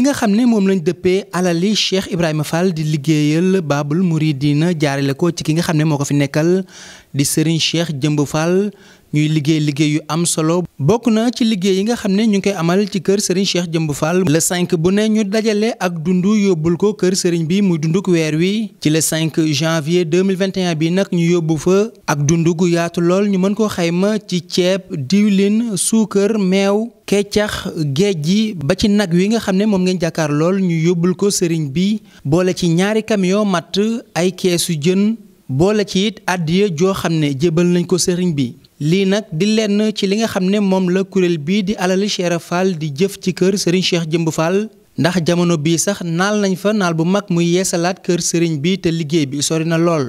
ki nga xam ne moom lañu dëppee alali Cheikh Ibrahima fal di liggéeyal Baabul Muridiina jaarale ko ci ki nga xam ne moo ko fi nekkal di Serigne Cheikh Jëmb fal ñuy liggéey liggéey yu am solo bokk na ci liggéey yi nga xam ne ñu ngi koy amal ci kër Serigne Cheikh Jëmb Fall le 5 bu ne ñu dajale ak dund yóbbul ko kër Serigne bi muy dunduk weer wi ci le 5 janvier 2021 bi nag ñu yóbbu fa ak dund gu yaatu lool ñu mën koo xayma ci ceeb diwlin suukar meew keccax géej gi ba ci nag wi nga xam ne moom ngeen jàkkaar lool ñu yóbbul ko sëriñ bi boole ci ñaari camion matt ay keesu jën boole ci it àddiya joo xam ne jébbal nañ ko sëriñ bi lii nag di lenn ci li nga xam ne moom la kuréel bii di alali Cheikh Fall di jëf ci kër sëriñ Cheikh Jëmb Fall ndax jamono bii sax naal nañ fa naal bu mag muy yeesalaat kër sëriñ bi te liggéey bi sori na lool.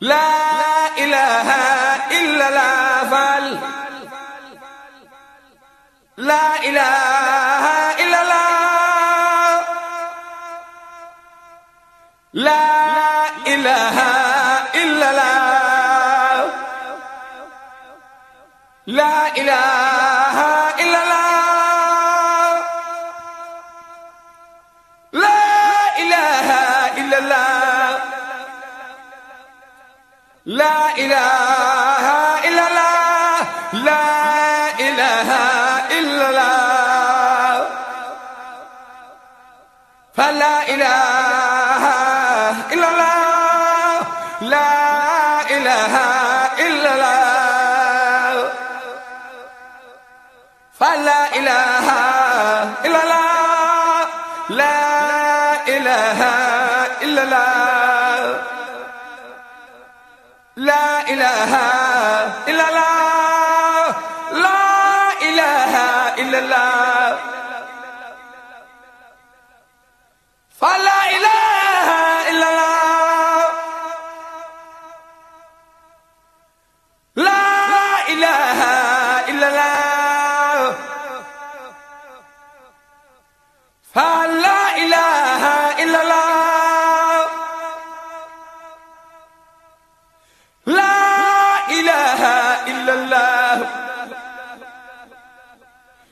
laa ilaaha illa laa faal laa ilaaha ilaha illa Allah fa la ilaha illa Allah la ilaha illa Allah la ilaha illa Allah la ilaha illa Allah fa la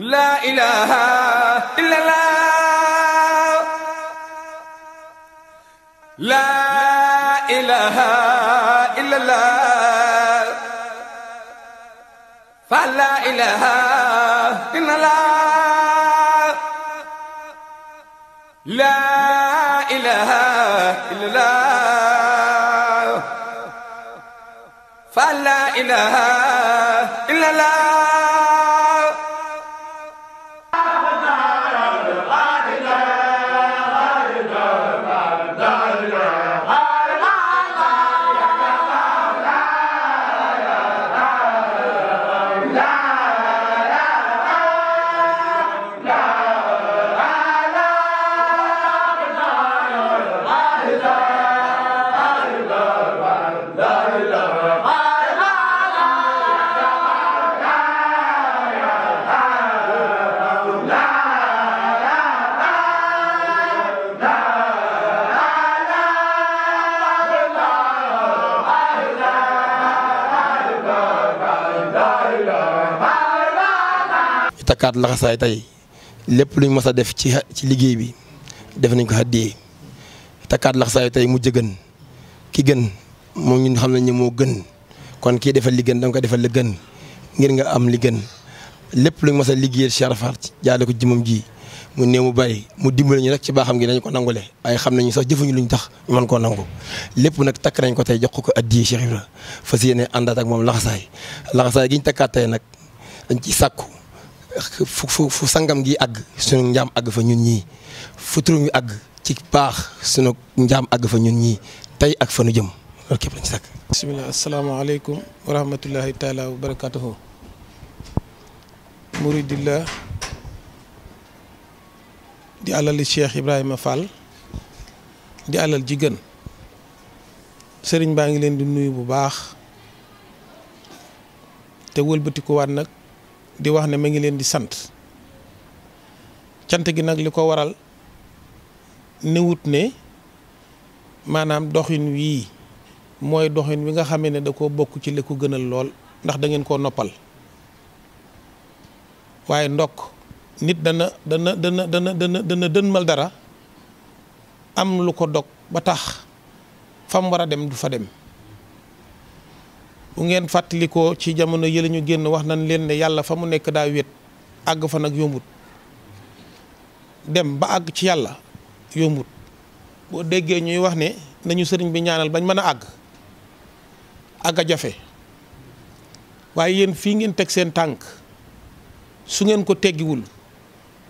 laa ilaaha illallaah laa ilaaha illallaah fa laa ilaaha illallaah laa ilaaha illallaah fa laa ilaaha takkaat laxasaay tey lépp luñ mës a def ci ci liggéey bi def nañ ko haddiyee takkaat laxasaay tey mu jëgën ki gën moom ñun xam nañ ne moo gën kon kii defal li gën ko defal la gën ngir nga am li lépp luñ mës a liggéeyal Cheikh Rafal ko jëmam ji mu néew mu bari mu dimbali ñu rek ci baaxam gi dañ ko nangule waaye xam nañu sax jëfuñu luñ tax ñu mën koo nangu lépp nag takk nañ ko tey jox ko addiya Cheikh Ibra fas yenn àndaat ak moom laxasaay laxasaay gi ñu takkaat tey nag dañ ci sàkku fu sangam gi àgg sunu njaam àgg fa ñun ñii fu turam yu àgg ci baax sunu njaam àgg fa ñun ñi tey ak fa nu jëm loolu képp lañ ci sàkk. bisimilah asalaamaaleykum wa di alali Cheikh Ibrahima Fall di àllal ji sëriñ baa ngi leen di nuyu bu baax te wëlbatikuwaat nag. di wax ne ma ngi leen di sant cant gi nag li ko waral newut ne maanaam doxin wii mooy doxin wi nga xamee ne da koo bokk ci li ko gënal lool ndax da ngeen koo noppal waaye ndokk nit dana dana dana dana dana dana dënmal dara am lu ko dog ba tax fam war a dem du fa dem bu ngeen fàttalikoo ci jamono yële ñu génn wax nañ leen ne yàlla fa mu nekk daa wét àgg fa nag yombut dem ba àgg ci yàlla yombut boo déggee ñuy wax ne nañu sëriñ bi ñaanal bañ mën a àgg àgg a jafe waaye yéen fii ngeen teg seen tànk su ngeen ko teggiwul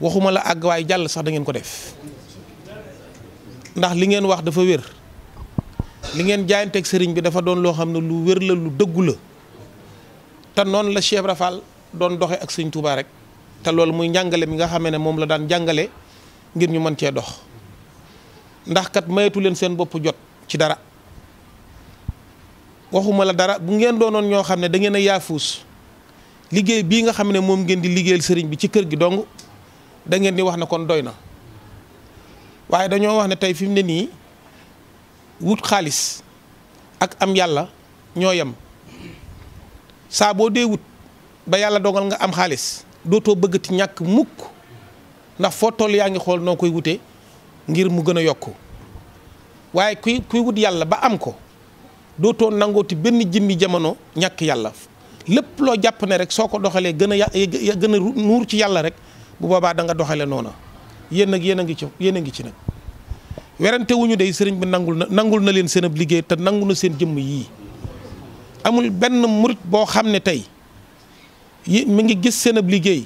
waxuma la àgg waaye jàll sax dangeen ko def ndax li ngeen wax dafa wér li ngeen jaayanteeg sëriñ bi dafa doon loo xam ne lu wér la lu dëggu la te noonu la Cheikh Ibra doon doxe ak sëñ Touba rek te loolu muy njàngale mi nga xamee ne moom la daan jàngale ngir ñu mën cee dox ndax kat mayetu leen seen bopp jot ci dara waxuma la dara bu ngeen doonoon ñoo xam ne dangeen a yaafuus liggéey bii nga xam ne moom ngeen di liggéeyal sëriñ bi ci kër gi dong da ngeen di wax na kon doy na waaye dañoo wax ne tey fi mu ne nii wut xaalis ak am yàlla ñoo yam saa boo dee wut ba yàlla dogal nga am xaalis dootoo bëggati ñàkk mukk ndax foo toll yaa ngi xool noo koy wutee ngir mu gën a yokku waaye kuy kuy wut yàlla ba am ko dootoo nangooti benn jëmmi jamono ñàkk yàlla lépp loo jàpp ne rek soo ko doxalee gën a ya gën a nuur ci yàlla rek bu boobaa da nga doxale noona yéen nag yéen a ngi ci yéen a ngi ci nag werante wuñu sëriñ bi nangul na nangul na leen seen ab liggéey te nangu na seen jëmm yii amul benn murit boo xam ne tey yi mu ngi gis seen liggéey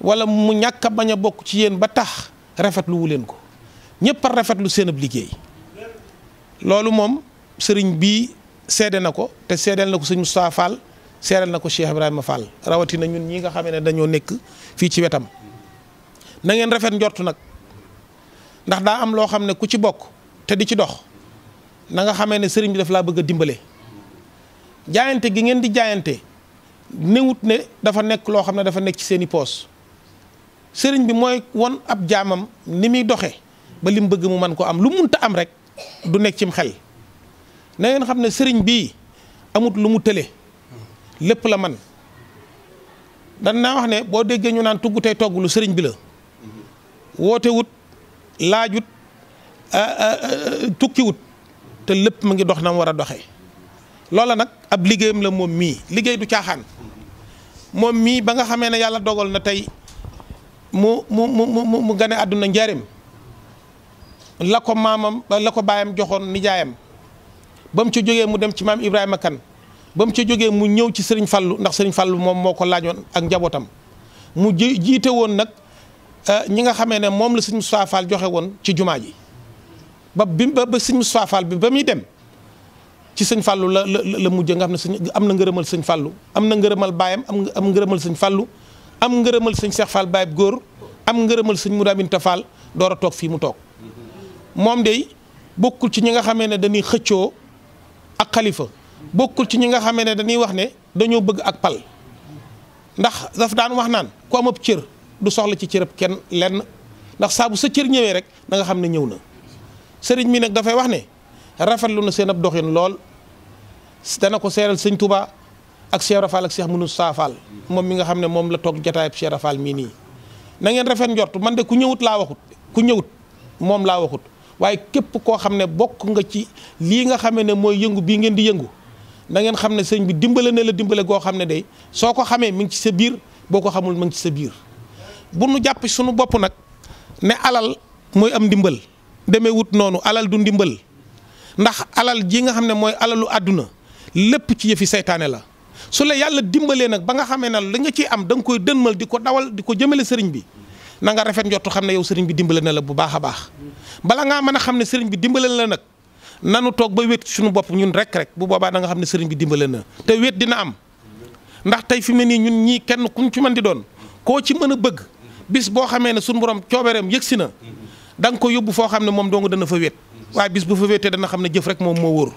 wala mu ñàkk a bañ a bokk ci yéen ba tax rafetlu wu leen ko ñëpp a rafetlu seen liggéey loolu moom sëriñ bii seede na ko te seedeel na ko suñu Moustapha Fall seedeel na ko Cheikh Ibrahima Fall rawatina ñun ñi nga xam ne dañoo nekk fii ci wetam na ngeen rafet njort nag. ndax daa am loo xam ne ku ci bokk te di ci dox nanga nga xamee ne sëriñ bi daf laa bëgg a dimbale jaayante gi ngeen di jaayante newut ne dafa nekk loo xam ne dafa nekk ci seen i poos sëriñ bi mooy won ab jaamam ni muy doxee ba lim bëgg mu man ko am lu munta am rek du nekk cim xel nangeen xam ne sëriñ bii amut lu mu tële lépp la man dan naa wax ne boo déggee ñu naan tugg tey togg lu sëriñ bi la wootewut laajut euh, euh, euh, tukkiwut te lépp mu ngi dox nam war a doxe loola nag ab liggéeyam la moom mii liggéey du caaxaan moom mii ba nga xamee ne yàlla dogal na tey mu mu mu mu gane àdduna njaareem la ko maamam la ko baayam joxoon nijaayam ba mu ca jógee mu dem ci maam Ibrahima Kan ba mu ca jógee mu ñëw ci sëriñ Fallu ndax sëriñ Fallu moom moo ko laajoon ak njabootam mu jiite woon nag Euh, ñi nga xamee ne moom la sëñ Moustapha joxe woon ci jumaa ji ba bi ba ba bi ba muy dem ci sëñ Fallu la la la mujjee nga xam ne sëñ am na ngërëmal sëñ Fallu am na ngërëmal baayam am am ngërëmal sañ Fallu am ngërëmal sëñ Cheikh Fall baayam góor am ngërëmal sëñ Mouraminta Fall door a toog fii mu toog moom de bokkul ci ñi nga xamee ne dañuy xëccoo ak xalifa bokkul ci ñi nga xamee ne dañuy wax ne dañoo bëgg ak pal ndax daf daan wax naan ku am ab cër. du soxla ci cërëb kenn lenn ndax saa bu sa cër ñëwee rek na nga xam ne ñëw na sëriñ mi nag dafay wax ne rafetlu na seen ab doxin lool dana ko seeral sëñ Touba ak Cheikh Rafal ak Cheikh Mounou Safal moom mi nga xam ne moom la toog jotaayub Cheikh Rafal mii nii na ngeen rafet njort man de ku ñëwut laa waxut ku ñëwut moom laa waxut waaye képp koo xam ne bokk nga ci lii nga xamee ne mooy yëngu bii ngeen di yëngu na ngeen xam ne sëñ bi dimbale ne la dimbale goo xam ne day soo ko xamee mi ngi ci sa biir boo ko xamul mi ci sa biir bu nu jàpp suñu bopp nag ne alal mooy am ndimbal demee wut noonu alal du ndimbal ndax alal ji nga xam ne mooy alalu àdduna lépp ci yëfi seytaane la su la yàlla dimbalee nag ba nga xamee na li nga ciy am da koy dënmal di ko dawal di ko jëmale sëriñ bi na nga rafet njottu xam ne yow sëriñ bi dimbale na la bu baax a baax bala ngaa mën a xam ne sëriñ bi dimbale la nag nanu toog ba wéet suñu bopp ñun rek rek bu boobaa da nga xam ne sëriñ bi dimbale na te wéet dina am ndax fi mu ne nii ñun ñii kenn kuñ ci mën di doon koo ci mën a bëgg bis boo xamee ne suñu borom coobereem yëgsi na da nga ko yóbbu foo xam ne moom dong dana fa wét waaye bis bu fa wéetee dana xam ne jëf rek moom moo wóor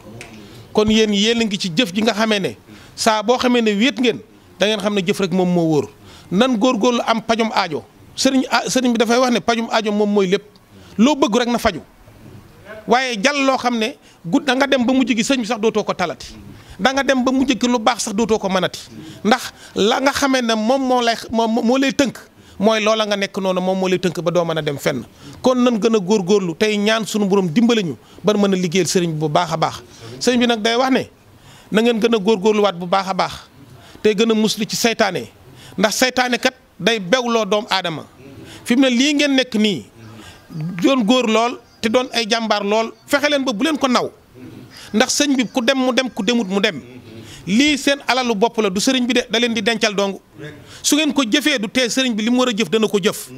kon yéen yéen ngi ci jëf ji nga xamee ne saa boo xamee ne wéet ngeen da ngeen xam ne jëf rek moom moo wóor nan góorgóorlu am pajum aajo sëriñ sëriñ bi dafay wax ne pajum aajo moom mooy lépp loo bëggu rek na faju waaye jàll loo xam ne gudd da nga dem ba mu gi sëñ sax dootoo ko talati da nga dem ba mujj gi lu baax sax dootoo ko mënati ndax la nga xamee ne moom moo lay moo moo lay tënk mooy loola nga nekk noonu moom moo lay tënk ba doo mën a dem fenn kon nan gën a góorgóorlu tey ñaan sunu borom dimbali ñu ba mën a liggéeyal sëriñ bi bu baax a baax sëriñ bi nag day wax ne na ngeen gën a góorgóorluwaat bu baax a baax tey gën a muslu ci seytaane ndax saytaane kat day bewloo doom aadama fi mu ne lii ngeen nekk nii doon góor lool te doon ay jàmbaar lool fexe leen ba bu leen ko naw ndax sëñ bi ku dem mu dem ku demut mu dem lii seen alalu bopp la du sëriñ bi de da leen di dencal dong su ngeen ko jëfee du tee sëriñ bi li mu war a jëf dana ko jëf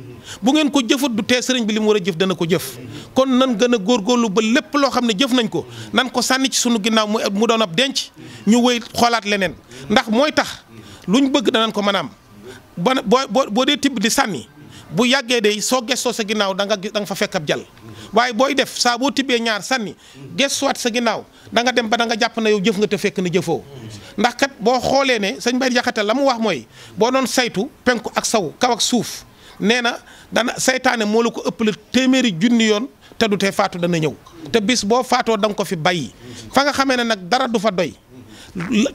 bu ngeen ko jëfut du tee sëriñ bi li mu war a jëf dana ko jëf kon nan gën a góorgóorlu ba lépp loo xam ne jëf nañ ko nan ko sànni ci suñu ginnaaw mu doon ab denc ñu wëy xoolaat leneen ndax mooy tax luñ bëgg danañ ko mën a am ba boo boo dee tibb di sànni bu yàggee de soo gestoo sa ginnaaw da nga da nga fa fekk ab jàll waaye booy def saa boo tibbee ñaar sànni gestuwaat sa ginnaaw da nga dem ba da nga jàpp na yow jëf nga te fekk na jëfoo ndax kat boo xoolee ne sëñ Mbay Jaxate la mu wax mooy boo doon saytu penku ak saw kaw ak suuf nee na dana saytaane moo la ko ëppale téeméeri junni yoon te du te faatu dana ñëw te bis boo faatoo da nga ko fi bàyyi fa nga xamee ne nag dara du fa doy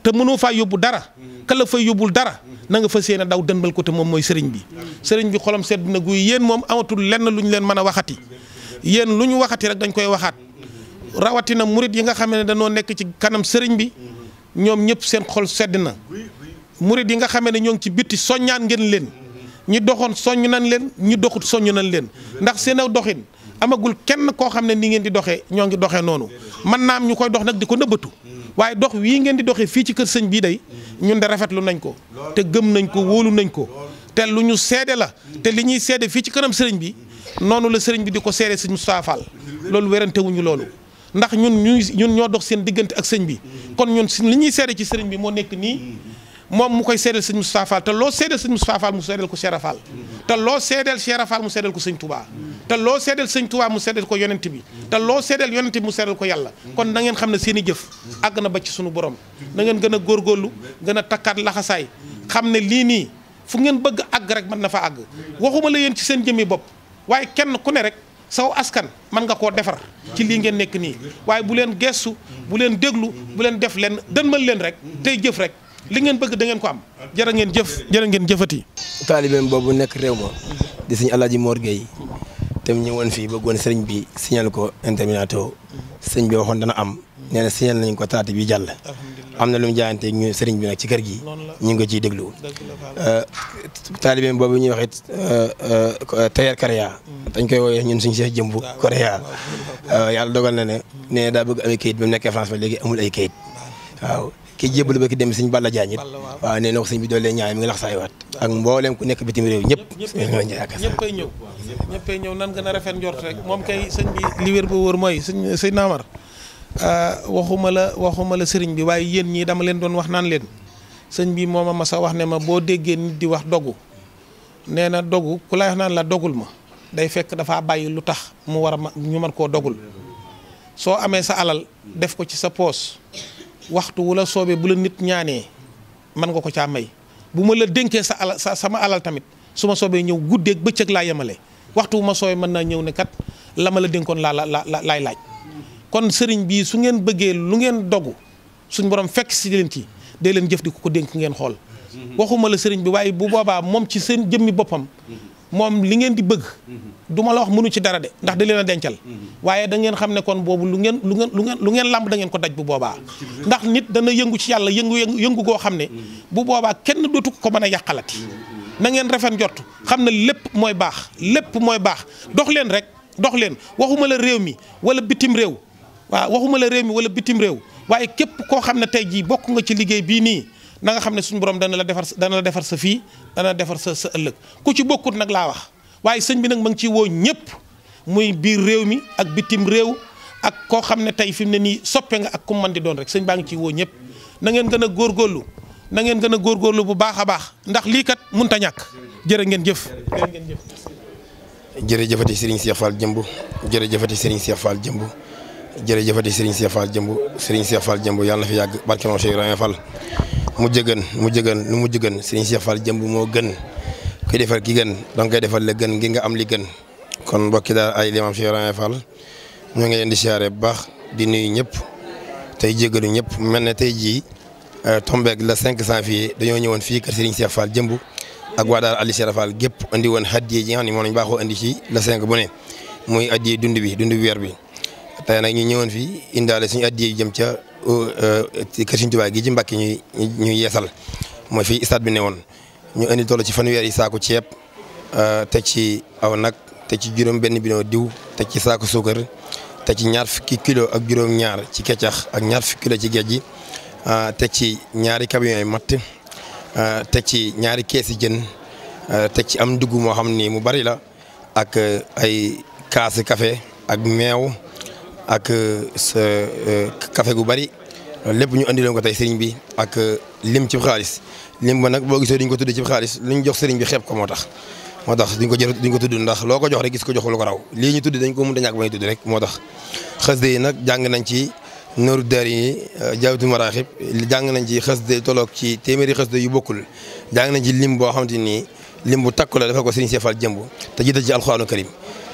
te mënoo faa yóbbu dara ka fay yóbbul dara na nga fas yéene daw dëndal ko te moom mooy sëriñ bi sëriñ bi xolam sedd na guy yéen moom amatul lenn lu ñu leen mën a waxati yéen lu ñu waxati rek dañ koy waxaat rawatina murit yi nga xam ne dañoo nekk ci kanam sëriñ bi ñoom ñëpp seen xol sedd na murit yi nga xam ne ñoo ngi ci bitti soññaan ngeen leen ñi doxoon soññ nañ leen ñi doxut soññ nañ leen ndax seen doxin amagul kenn koo xam ne ni ngeen di doxee ñoo ngi doxee noonu man naam ñu koy dox nag di ko nëbbatu waaye dox wii ngeen di doxee fii ci kër sëñ bii day ñun de rafetlu nañ ko te gëm nañ ko wóolu nañ ko te lu ñu seede la te li ñuy seede fii ci kanam sëriñ bi noonu la sëriñ bi di ko seede sëñ Moustapha loolu werante wuñu loolu ndax ñun ñuy ñun ñoo dox seen diggante ak sëñ bi kon ñun li ñuy seede ci sëriñ bi moo nekk nii moom mu koy seedeel sëñ Moustapha Fall te loo seedeel sëñ Moustapha Fall mu seedeel ko Cheikh loo seedeel Cheikh mu seedeel ko sëñ Touba te loo seedeel sëñ Touba mu seedeel ko yonent bi te loo seedeel yonent bi mu seedeel ko yàlla kon nangeen xam ne seeni jëf àgg na ba ci suñu borom na ngeen gën a góorgóorlu gën a takkaat laxasaay xam ne lii nii fu ngeen bëgg àgg rek mën na fa àgg waxuma la yéen ci seen jëmmi bopp waaye kenn ku ne rek saw askan mën nga koo defar ci lii ngeen nekk nii waaye bu leen gestu bu leen déglu bu leen def leen dënmal leen rek tey jëf rek li ngeen bëgg da ngeen ko am jërë ngeen jëf jërë ngeen jëfati. taalibeem boobu nekk réew ma di sëñ Alaaji Mor Gueye tam ñëwoon fii bëggoon sëriñ bi signal ko interminato sëñ bi waxoon dana am nee na nañ ko taati bi jàll am na lu mu ñu sëriñ bi nag ci kër gi ñu ngi ko ciy déglu euh, taalibeem boobu ñuy wax it euh, euh, tailleur Korea hmm. dañ koy woowee ñun suñu seex jëmbu Korea yàlla dogal na ne nee daa bëgg amee kayit ba mu nekkee ba léegi amul ay kayit waaw ki jébbalu ba ki dem sëñ Balla Jaañ it waaw nee na ko sëñ bi doole ñaay mi ngi lax saay waat ak mboolem ku nekk bitim réew ñëpp ñëppay ñëw ñëppay ñëw nan gën a rafet njort rek moom kay sëñ bi li wér ba mooy sëñ sëñ Naamar Euh, waxuma la waxuma la sëriñ bi waaye yéen ñii dama leen doon wax naan leen sëñ bii bi ma sa wax ne ma boo déggee nit di wax dogu nee na dogu ku lay wax naan la dogul ma day fekk dafa bàyyi lu tax mu war a ñu mën koo dogul soo amee sa alal def ko ci sa poos waxtu wu la soobee bu la nit ñaanee mën nga ko caa may bu ma la dénkee sa alal sa sama alal tamit su ma soobee ñëw guddeeg bëccëg laa yemale waxtu wu ma soobee mën naa ñëw ne kat la ma la dénkoon laa la la laay laaj kon sëriñ bii su ngeen bëggee lu ngeen dogu suñ borom fekk si leen ci day leen jëf di ko dénk ngeen xool waxuma la sëriñ bi waaye bu boobaa moom ci seen jëmmi boppam moom li ngeen di bëgg duma la wax mënu ci dara de ndax da leen a dencal waaye da ngeen xam ne kon boobu lu ngeen lu ngeen lu ngeen lu ngeen làmb dangeen ko daj bu boobaa ndax nit dana yëngu ci yàlla yëngu yëngu goo xam ne bu boobaa kenn dootu ko mën a yàqalati na ngeen refen jot xam ne lépp mooy baax lépp mooy baax dox leen rek dox leen waxuma la réew mi wala bitim réew waaw waxuma la réew mi wala bitim réew waaye képp koo xam ne tey jii bokk nga ci liggéey bii nii nanga xam ne suñu borom dana la defar dana defar sa fii dana la defar sa sa ëllëg ku ci bokkut nag laa wax waaye sëñ bi nag ma ngi ciy woo ñëpp muy biir réew mi ak bitim réew ak koo xam ne tey fi mu ne nii soppe nga ak ku man di doon rek sëñ baa ngi ciy woo ñëpp nangeen ngeen gën a góorgóorlu na ngeen gën a góorgóorlu bu baax a baax ndax lii kat mënut a ñàkk jërë ngeen jëf jërë ngeen jëf. jërëjëfati Serigne Cheikh Fall jëmb jërëjëfati Serigne Cheikh jërëjëfati Serigne Cheikh Fall jëmbu Serigne Cheikh Fall jëmb yàlla na fi yàgg barke moom Cheikh Ibrahima Fall mu jëgën mu jëgën lu mu jëgën Serigne Cheikh jëmbu moo gën kuy defal ki gën danga koy defal la gën ngir nga am li gën kon mbokki daal ay limaam Cheikh Ibrahima Fall ñoo ngi leen di siyaare bu baax di nuyu ñëpp tey jégalu ñëpp mel ne tey jii euh, tombeeg la cinq 5 fii dañoo ñëwoon fii kër Serigne Cheikh Fall jëmb ak waa daal Ali Cheikh Fall gépp indi woon hadiya yi nga xam ne ñu baaxoo indi ci la 5 bu ne muy hadiya dund bi dund weer bi tey nag ñu ñëwoon fii indaale suñu addiya yi jëm ca euh, euh, kër Sëriñ Tuubaa gi ci Mbàkke ñuy ñuy yeesal moo fi stade bi ne woon ñu indi toll ci fanweer yi saako ceeb euh, te ci aw nag te ci juróom benn bidon diw te ci saako suukar te ci ñaar fukki kilo ak juróom ñaar ci keccax ak ñaar fukki kilo ci géej gi teg ci ñaari camion yi matt te ci ñaari keesi jën te ci am dugg moo xam ni mu bari la ak ay kaas kafe ak meew ak kafe euh, euh, gu bari lépp ñu andi ko tey sëriñ bi ak euh, lim ci xaalis lim ba nag boo gisee duñ ko tudd ci xaalis luñ jox sëriñ bi xeeb ko moo tax moo tax duñ ko jël duñ ko tudd ndax loo ko jox rek gis ko jox lu ko raw lii ñu tudd dañ ko mën a ñàkk ba ñu tudd rek moo tax xasida yi nag jàng nañ ci nooru daar yi jaawatu maraaxib jàng nañ ci xasida tolook ci téeméeri xasida yu bokkul jàng nañ ci lim boo xam xamante ni lim bu takku la dafa ko sëriñ Seex Faal jëmb te jiital ci alxuraanu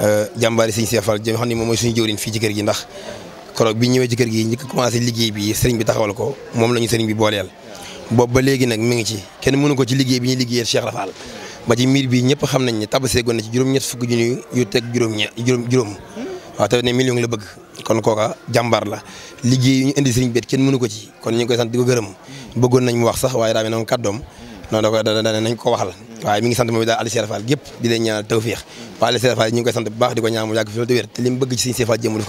Euh, jàmbaari sëñ Cheikh Fall jëm xam ne moom mooy suñu jëwriñ fii ci kër gi ndax koroog bi ñëwee ci kër gi ñi ko commencé liggéey bi sëriñ bi taxawal ko moom la ñu bi booleel boobu ba léegi nag mi ngi ci kenn mënu ko ci liggéey bi ñuy liggéeyal Cheikh Rafal ba ci miir ñëpp xam nañ ne tabaseegoon na ci juróom-ñett fukki junni yu teg juróom-ñe juróom waaw tamit ne million la bëgg kon kooka jàmbaar la liggéey yu ñu indi sëriñ bi kenn mënu ko ci kon ñu ngi koy sant di gërëm bëggoon nañ mu wax sax waaye daa mel ne moom kàddoom noonu da ko da nañ ko waxal waaye mi ngi sant moom daal Aliou Cheikh Fall yëpp di leen ñaanal tawféex waaye Aliou Cheikh Fall ñu ngi ko ñaan ci Serigne Cheikh Fall jëm def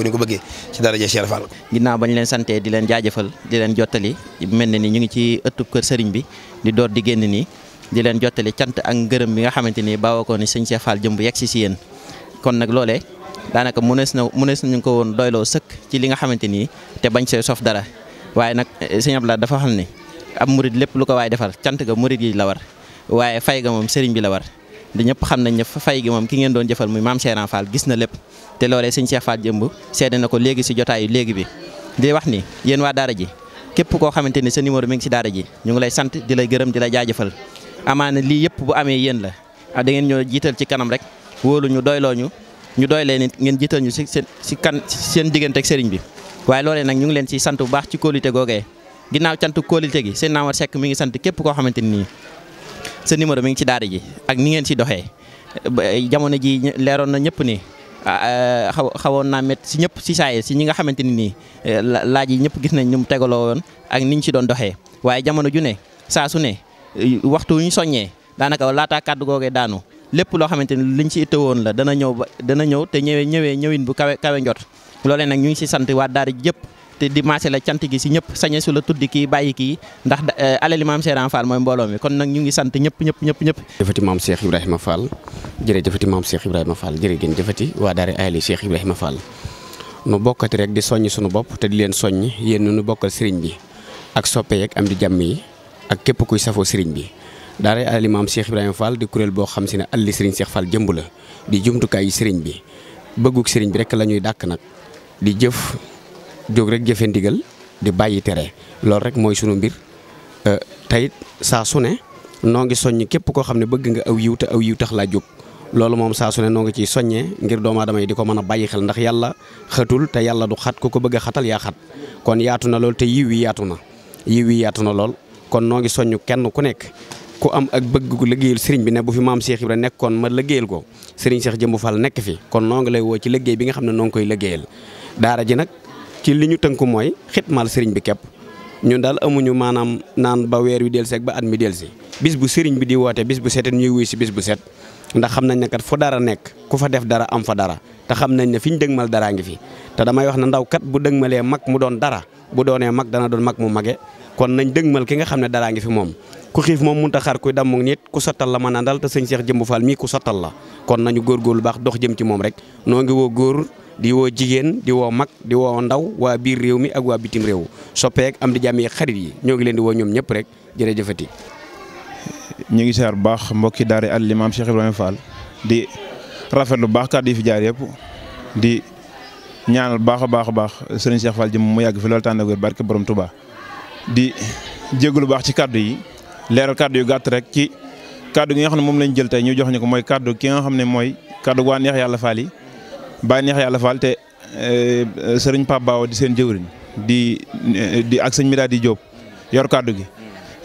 ko ni leen santee di leen jaajëfal di leen jottali mel na ni ñu ngi ci ëttub kër Serigne bi di door di génn nii di leen jottali cant ak ngërëm bi nga xamante ni bawoo ko ni Serigne Cheikh Fall jëm bu yegg si si yéen kon nag loolee daanaka mënees na mënees ngi ko woon doyloo sëkk ci li nga xamante ni te bañ see sof dara waaye nag eh, Serigne Abdoulaye dafa xam ni ab murid lépp lu ko waay defal cant ga murid yi la war waaye fay ga moom sëriñ bi la war di ñëpp xam nañ fay gi moom ki ngeen doon jëfal muy maam Cheikh Fall gis na lépp te loolee sëñ Cheikh Fall jëmb seede na ko léegi si jotaayu léegi bi di wax ni yéen waa daara ji képp koo xamante ni sa numéro mi ngi si daara ji ñu ngi lay sant di lay gërëm di la jaajëfal amaana lii yëpp bu amee yéen la ah da ngeen ñoo jiital ci kanam rek wóolu ñu doyloo ñu ñu doylee nit ngeen jiital ñu si seen si kan seen diggante ak sëriñ bi waaye ginnaaw cant kóolite gi seen Naamar Seck mu ngi sant képp koo xamante nii sa numéro mi ngi ci daara ji ak ni ngeen si doxee jamono ji leeroon na ñëpp ni xaw xawoon naa met si ñëpp si saaye si ñi nga xamante ni nii eh, laaj yi ñëpp gis nañ ñu mu tegaloo woon ak niñ si doon doxee waaye jamono ju ne saa su ne eh, waxtu wu ñu soññee daanaka laataa kàddu googee daanu lépp loo xamante ni liñ si itte woon la dana ñëw ba dana ñëw te ñëwee ñëwee ñëwin bu kawe kawe njot loolee nag ñu ngi si sant waa daara ji te di maase la cant gi si ñëpp sañe su la tuddi kii bàyyi kii ndax eh, alali maam Serigne Fall mooy mbooloo mi kon nag ñu ngi sant ñëpp ñëpp ñëpp ñëpp jëfati maam Cheikh Ibrahima Fall jërëjëfati maam Cheikh Ibrahima Fall jërë ngeen jëfati waa daara ayali Cheikh Ibrahima Fall nu bokkati rek di soññ suñu bopp te di leen soññ yéen nu bokkal seriñ bi ak soppe yeeg am di jàmm yi ak képp kuy safoo sëriñ bi daara alali maam Cheikh Ibrahima Fall di kuréel boo xam si ne alali sëriñ seex Fall jëmb la di jumtukaay yi sëriñ bi bëgguk sëriñ bi rek la ñuy dàkk nag di jëf jóg rek jëfe ndigal di bàyyi tere loolu rek mooy sunu mbir euh, tayit saa su ne noo ngi soññ képp koo xam ne bëgg nga aw yiw te aw yiw tax laa jóg loolu moom saa su ne noo ngi ciy soññee ngir doomaadama yi di ko mën a bàyyi xel ndax yàlla xatul te yàlla du xat ku ko bëgg xatal yaa xat kon yaatu na lool te yiw wi yaatu na yiw yi yaatu na lool kon noo ngi soññ kenn ku nekk ku am ak bëgg gu liggéeyal sëriñ bi ne bu fi maam Cheikh Ibra nekkoon ma liggéeyal ko sëriñ Cheikh Jëmbu Fall nekk fi kon noo ngi lay woo ci liggéey bi nga xam ne noo ngi koy liggéeyal ci li ñu tënku mooy xitmaal sëriñ bi képp ñun daal amuñu maanaam naan ba weer wi dellusi ak ba at mi dell si bis bu sëriñ bi di woote bis bu set ñuy wuy si bis bu set ndax xam nañ ne kat fu dara nekk ku fa def dara am fa dara te xam nañ ne fi ñu dëgmal daraa ngi fi te damay wax ne ndaw kat bu dëgmalee mag mu doon dara bu doonee mag dana doon mag mu mage kon nañ dëgmal ki nga xam ne daraa ngi fi moom ku xiif moom mënut a xaar kuy damm nit ku sottal la mën a dal te sëñ Cheikh Jëmbu Fall mii ku sottal la kon nañu góorgóorlu baax dox jëm ci moom rek noo di woo jigéen di woo mag di woo ndaw waa biir réew mi ak waa bitim réew soppeek am di jàmm yi xarit yi ñoo ngi leen di woo ñoom ñëpp rek jërëjëfati ñu ngi siyaar bu baax mbokki daari al Imam Cheikh Ibrahima Fall di rafet lu baax kàddu yi fi jaar yëpp di ñaanal baax a baax a baax sëriñ Cheikh Fall jëm mu yàgg fi loolu tànn wér barke borom Touba di jégalu baax ci kàddu yi leeral kàddu yu gàtt rek ci kàddu gi nga xam ne moom lañ jël tey ñu jox ñu ko mooy kàddu ki nga xam ne mooy kàddu waa neex yàlla Fall baa Neex Yàlla Fall te eh, sëriñ Pape baaw di seen jëwriñ di eh, di ak sëñ mi daal di Jóob yor kàddu gi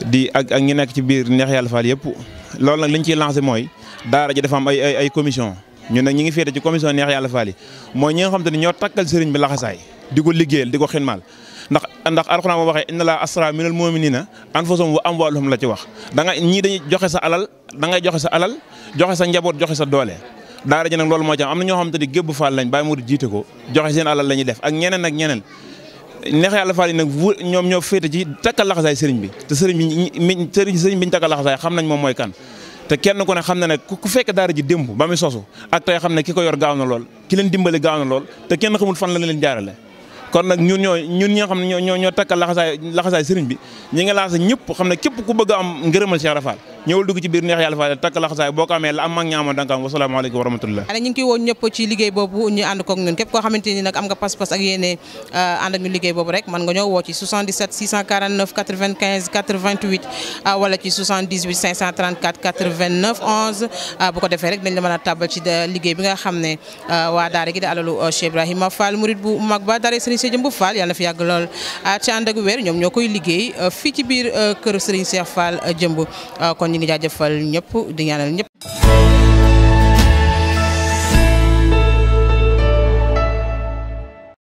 di ak ak nekk ci biir Neex Yàlla Fall yëpp loolu nag lañ ñu ciy lancé mooy daara ji dafa am ay ay commission ñun nag ñi ngi féete ci commission Neex Yàlla Fall yi mooy ñi nga xam te ne ñoo takkal sëriñ bi laxasaay di ko liggéeyal di ko xinmaal ndax ndax alxuraan boo waxee inna laa asra minal mu'minina anfusahum wa amwaalahum la ci wax da nga ñii dañuy joxe sa alal da ngay joxe sa alal joxe sa njaboot joxe sa doole daara ji nag loolu moo ci am am na ñoo xamante ni gébbu faal lañ bàyyi mu jiite ko joxe seen alal la ñuy def ak ñeneen ak ñeneen neex yàlla faal yi nag wu ñoom ñoo féete ci takkal laxasaay sëriñ bi te sëriñ bi sëriñ bi ñu takkal laxasaay xam nañ moom mooy kan te kenn ku ne xam na ne ku fekk daara ji démb ba xam ne ki ko yor gaaw na lool ki leen dimbali gaaw na lool te kenn xamul fan la leen jaarale kon nag ñun ñoo ñun ñi xam ne ñoo ñoo takkal laxasaay laxasaay sëriñ bi ñi nga laasa ñëpp xam ne képp ku bëgg am ngërëmal Cheikh Rafal ñëwal dugg ci biir neex yàlla faale takk laxasaay boo ko amee la am mag ñaamoon danga am wasalaamaaleykum wa rahmatullah ñu ngi koy woo ñëpp ci liggéey boobu ñu ànd kook ñun képp koo xamante ni nag am nga pas-pas ak yéene euh, ànd ak ñu liggéey boobu rek man nga ñoo woo ci 77 649 95 88 euh, wala ci 78 534 89 11 euh, bu ko defee rek dañ la mën a tàbbal ci liggéey bi nga xam ne waa daara gi di alalu Cheikh Ibrahima Fall murid bu mag ba daara Serigne Cheikh Jëmb Fall yàlla na fi yàgg lool ci ànd ak wér ñoom ñoo koy liggéey fii ci biir kër Serigne Cheikh Fall jëmb kon ñu ngi jaajëfal ñëpp di ñaanal ñëpp.